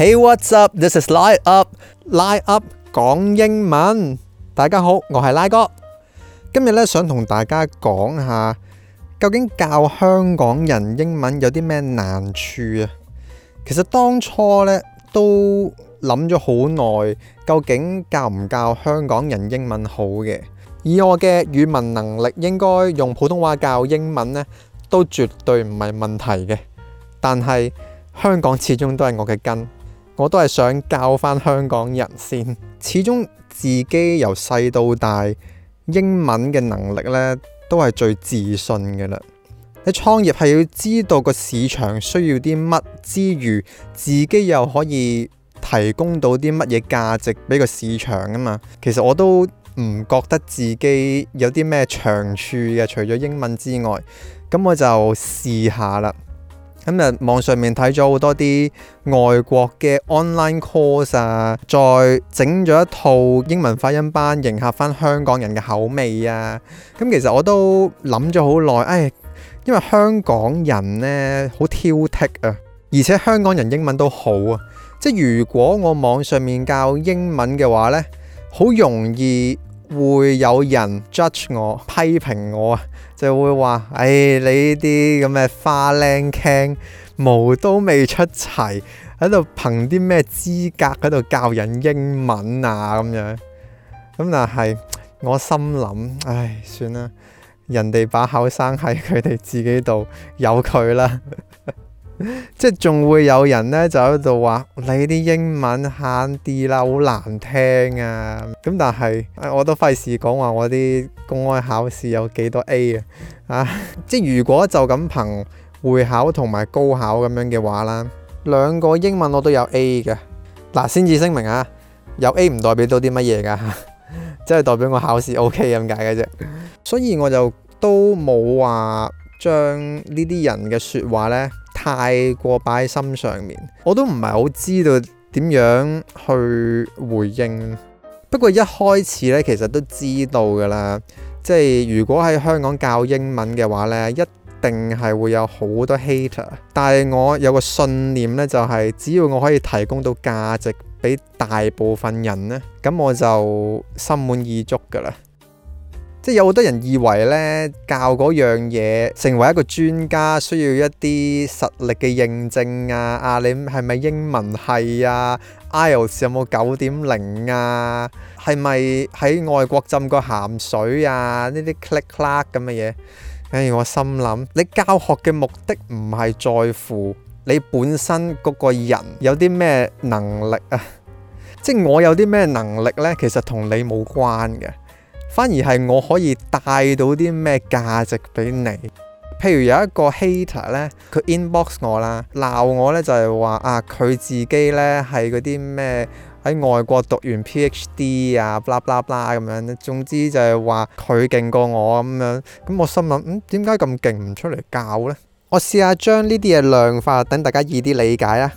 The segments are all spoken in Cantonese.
Hey，what's up？This is Lai UP。Lai UP 講英文，大家好，我係拉哥。今日咧想同大家講下，究竟教香港人英文有啲咩難處啊？其實當初咧都諗咗好耐，究竟教唔教香港人英文好嘅？以我嘅語文能力，應該用普通話教英文咧，都絕對唔係問題嘅。但係香港始終都係我嘅根。我都係想教翻香港人先，始終自己由細到大英文嘅能力呢，都係最自信嘅啦。你創業係要知道個市場需要啲乜之餘，自己又可以提供到啲乜嘢價值俾個市場啊嘛。其實我都唔覺得自己有啲咩長處嘅，除咗英文之外，咁我就試下啦。咁啊，網上面睇咗好多啲外國嘅 online course 啊，再整咗一套英文發音班，迎合翻香港人嘅口味啊。咁其實我都諗咗好耐，唉、哎，因為香港人呢好挑剔啊，而且香港人英文都好啊，即係如果我網上面教英文嘅話呢，好容易，會有人 judge 我、批評我啊，就會話：唉、哎，你呢啲咁嘅花靚傾，毛都未出齊，喺度憑啲咩資格喺度教人英文啊？咁樣，咁但係我心諗，唉、哎，算啦，人哋把口生喺佢哋自己度有佢啦。 即係仲會有人咧，就喺度話你啲英文慳啲啦，好難聽啊。咁但係我都費事講，話我啲公開考試有幾多 A 啊？啊，即係如果就咁憑會考同埋高考咁樣嘅話啦，兩個英文我都有 A 嘅。嗱，先至聲明啊，有 A 唔代表到啲乜嘢噶，即係代表我考試 OK 咁解嘅啫。所以我就都冇話將呢啲人嘅說話咧，太過擺喺心上面，我都唔係好知道點樣去回應。不過一開始咧，其實都知道㗎啦，即係如果喺香港教英文嘅話呢，一定係會有好多 hater。但係我有個信念呢，就係只要我可以提供到價值俾大部分人呢，咁我就心滿意足㗎啦。有好多人以為呢教嗰樣嘢成為一個專家需要一啲實力嘅認證啊！啊，你係咪英文係啊？IELTS 有冇九點零啊？係咪喺外國浸過鹹水啊？呢啲 click clack 咁嘅嘢？唉、哎，我心諗你教學嘅目的唔係在乎你本身嗰個人有啲咩能力啊？ 即係我有啲咩能力呢？其實同你冇關嘅。反而係我可以帶到啲咩價值俾你。譬如有一個 hater 呢佢 inbox 我啦，鬧我呢就係話啊，佢自己呢係嗰啲咩喺外國讀完 PhD 啊 blah blah blah 咁樣。總之就係話佢勁過我咁樣。咁我心諗，嗯，點解咁勁唔出嚟教呢？我試下將呢啲嘢量化，等大家易啲理解啦。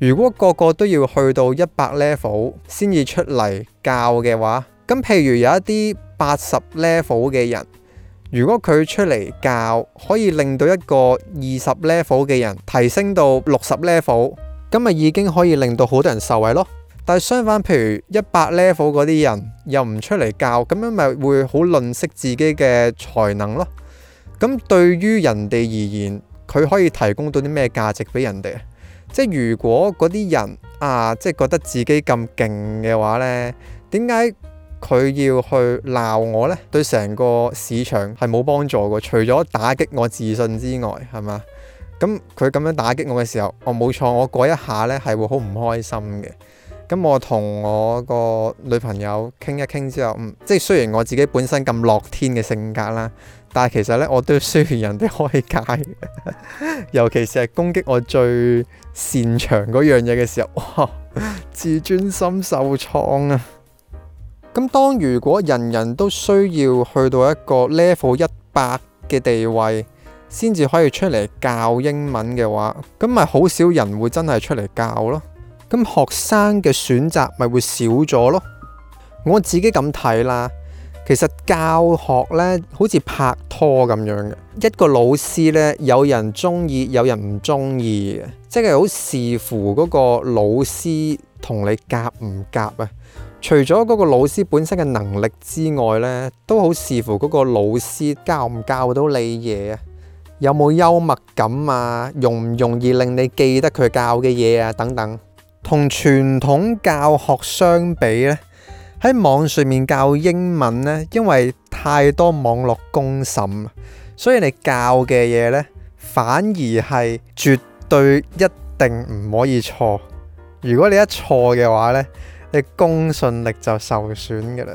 如果個個都要去到一百 level 先至出嚟教嘅話，咁譬如有一啲八十 level 嘅人，如果佢出嚟教，可以令到一個二十 level 嘅人提升到六十 level，咁咪已經可以令到好多人受惠咯。但係相反，譬如一百 level 嗰啲人又唔出嚟教，咁樣咪會好吝嗇自己嘅才能咯。咁對於人哋而言，佢可以提供到啲咩價值俾人哋？即係如果嗰啲人啊，即係覺得自己咁勁嘅話咧，點解？佢要去鬧我呢，對成個市場係冇幫助嘅，除咗打擊我自信之外，係嘛？咁佢咁樣打擊我嘅時候，我冇錯，我嗰一下呢係會好唔開心嘅。咁我同我個女朋友傾一傾之後，嗯，即係雖然我自己本身咁樂天嘅性格啦，但係其實呢，我都需要人哋開解，尤其是係攻擊我最擅長嗰樣嘢嘅時候，哇，自尊心受創啊！咁當如果人人都需要去到一個 level 一百嘅地位，先至可以出嚟教英文嘅話，咁咪好少人會真係出嚟教咯。咁學生嘅選擇咪會少咗咯。我自己咁睇啦，其實教學呢，好似拍拖咁樣嘅，一個老師呢，有人中意，有人唔中意嘅，即係好視乎嗰個老師同你夾唔夾啊。除咗嗰個老師本身嘅能力之外呢，都好視乎嗰個老師教唔教到你嘢啊。有冇幽默感啊，容唔容易令你記得佢教嘅嘢啊，等等。同傳統教學相比呢，喺網上面教英文呢，因為太多網絡公審。所以你教嘅嘢呢，反而係絕對一定唔可以錯。如果你一錯嘅話呢，你公信力就受損嘅啦，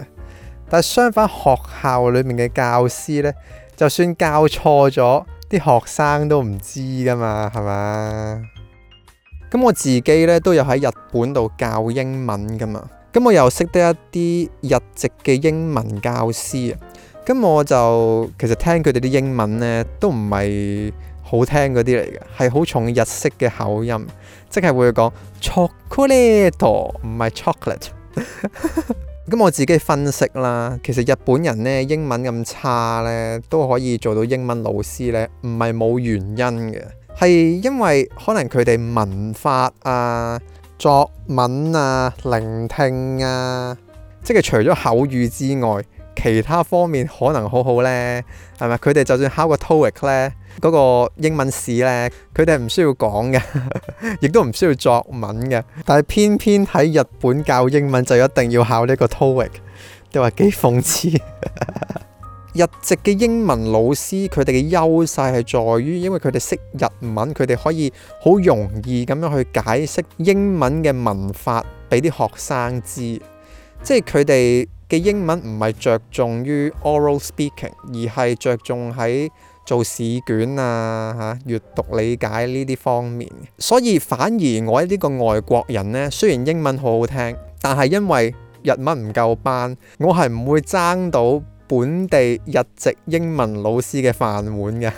但係相反學校裏面嘅教師呢，就算教錯咗，啲學生都唔知噶嘛，係嘛？咁、嗯、我自己呢，都有喺日本度教英文噶嘛，咁我又識得一啲日籍嘅英文教師啊，咁我就其實聽佢哋啲英文呢，都唔係。好聽嗰啲嚟嘅，係好重日式嘅口音，即係會講 chocolate 唔係 chocolate。咁 Ch Ch 我自己分析啦，其實日本人咧英文咁差咧，都可以做到英文老師呢，唔係冇原因嘅，係因為可能佢哋文法啊、作文啊、聆聽啊，即係除咗口語之外。其他方面可能好好呢，係咪？佢哋就算考個 TOEIC 呢，嗰個英文試呢，佢哋唔需要講嘅，亦 都唔需要作文嘅。但係偏偏喺日本教英文就一定要考呢個 TOEIC，你話幾諷刺。 日籍嘅英文老師佢哋嘅優勢係在於，因為佢哋識日文，佢哋可以好容易咁樣去解釋英文嘅文法俾啲學生知，即係佢哋。嘅英文唔係着重於 oral speaking，而係着重喺做試卷啊、嚇、啊、閱讀理解呢啲方面。所以反而我呢個外國人呢，雖然英文好好聽，但係因為日文唔夠班，我係唔會爭到本地日籍英文老師嘅飯碗嘅。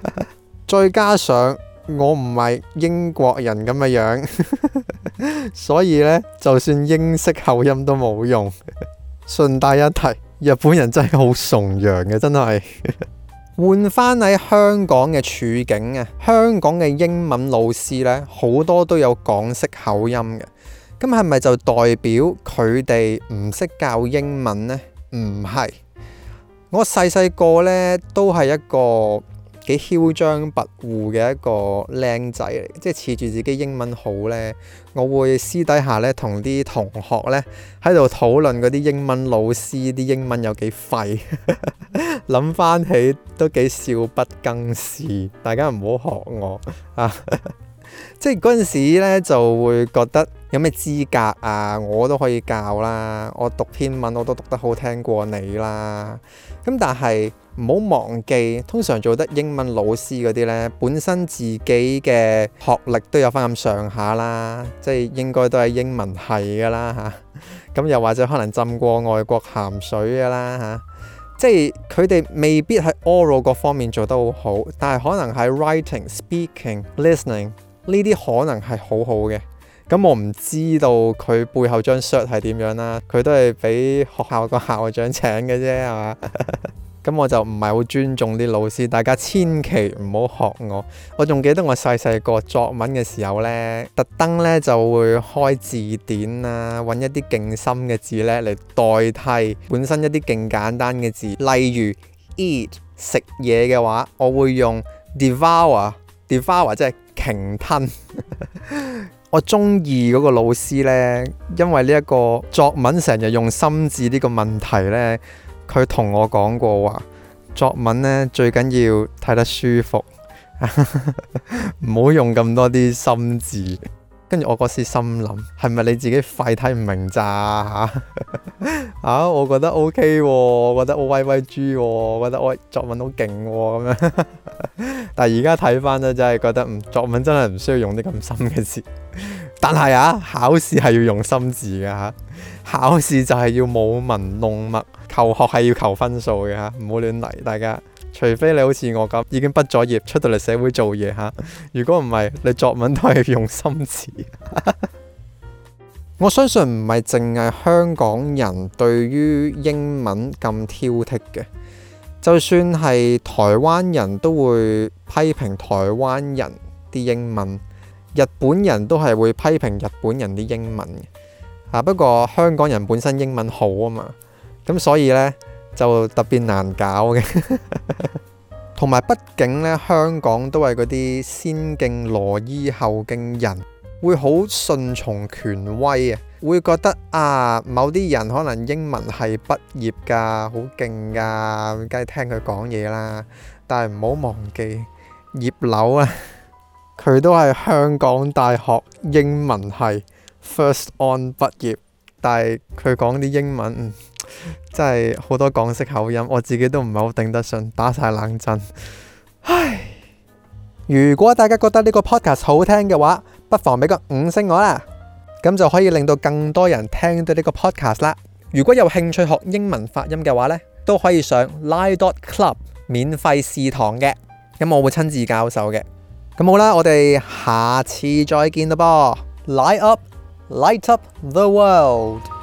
再加上我唔係英國人咁嘅樣， 所以呢，就算英式口音都冇用。 順帶一提，日本人真係好崇洋嘅，真係。 幾囂張跋扈嘅一個靚仔嚟，即係恃住自己英文好呢。我會私底下呢，同啲同學呢喺度討論嗰啲英文老師啲英文有幾廢，諗 翻起都幾少不更事，大家唔好學我啊！ 即係嗰陣時咧就會覺得有咩資格啊，我都可以教啦，我讀篇文我都讀得好聽過你啦，咁但係。唔好忘記，通常做得英文老師嗰啲呢，本身自己嘅學歷都有翻咁上下啦，即係應該都係英文系噶啦嚇。咁、啊、又或者可能浸過外國鹹水噶啦嚇、啊，即係佢哋未必喺 oral 各方面做得好好，但係可能喺 writing、speaking、listening 呢啲可能係好好嘅。咁、嗯、我唔知道佢背後張 shirt 係點樣啦，佢都係俾學校個校長請嘅啫，係嘛？ 咁我就唔係好尊重啲老師，大家千祈唔好學我。我仲記得我細細個作文嘅時候呢，特登呢就會開字典啊，揾一啲勁深嘅字呢嚟代替本身一啲勁簡單嘅字。例如 eat 食嘢嘅話，我會用 devour devour 即係鯨吞。 我中意嗰個老師呢，因為呢一個作文成日用深字呢個問題呢。佢同我講過話，作文呢最緊要睇得舒服，唔 好用咁多啲深字。跟 住我嗰時心諗，係咪你自己費睇唔明咋、啊？ 啊，我覺得 O、OK、K、啊、我覺得我威威豬、啊，我覺得我作文好勁咁樣。 但係而家睇翻咧，真、就、係、是、覺得，嗯，作文真係唔需要用啲咁深嘅字。 但係啊，考試係要用深字嘅吓、啊，考試就係要舞文弄墨。求學係要求分數嘅吓，唔好亂嚟。大家除非你好似我咁已經畢咗業出到嚟社會做嘢，吓，如果唔係，你作文都係用心詞。呵呵，我相信唔係淨係香港人對於英文咁挑剔嘅，就算係台灣人都會批評台灣人啲英文，日本人都係會批評日本人啲英文嘅吓、啊。不過香港人本身英文好啊嘛。咁所以呢就特別難搞嘅，同埋畢竟呢，香港都係嗰啲先敬羅衣後敬人，會好順從權威啊，會覺得啊，某啲人可能英文系畢業㗎，好勁㗎，梗係聽佢講嘢啦。但係唔好忘記葉劉啊，佢都係香港大學英文系 first on 畢業，但係佢講啲英文。真係好多港式口音，我自己都唔係好頂得順，打晒冷震。唉，如果大家覺得呢個 podcast 好聽嘅話，不妨俾個五星我啦，咁就可以令到更多人聽到呢個 podcast 啦。如果有興趣學英文發音嘅話呢，都可以上 Lai Dot Club 免費試堂嘅，咁我會親自教授嘅。咁好啦，我哋下次再見啦噃 Lai up，light up the world。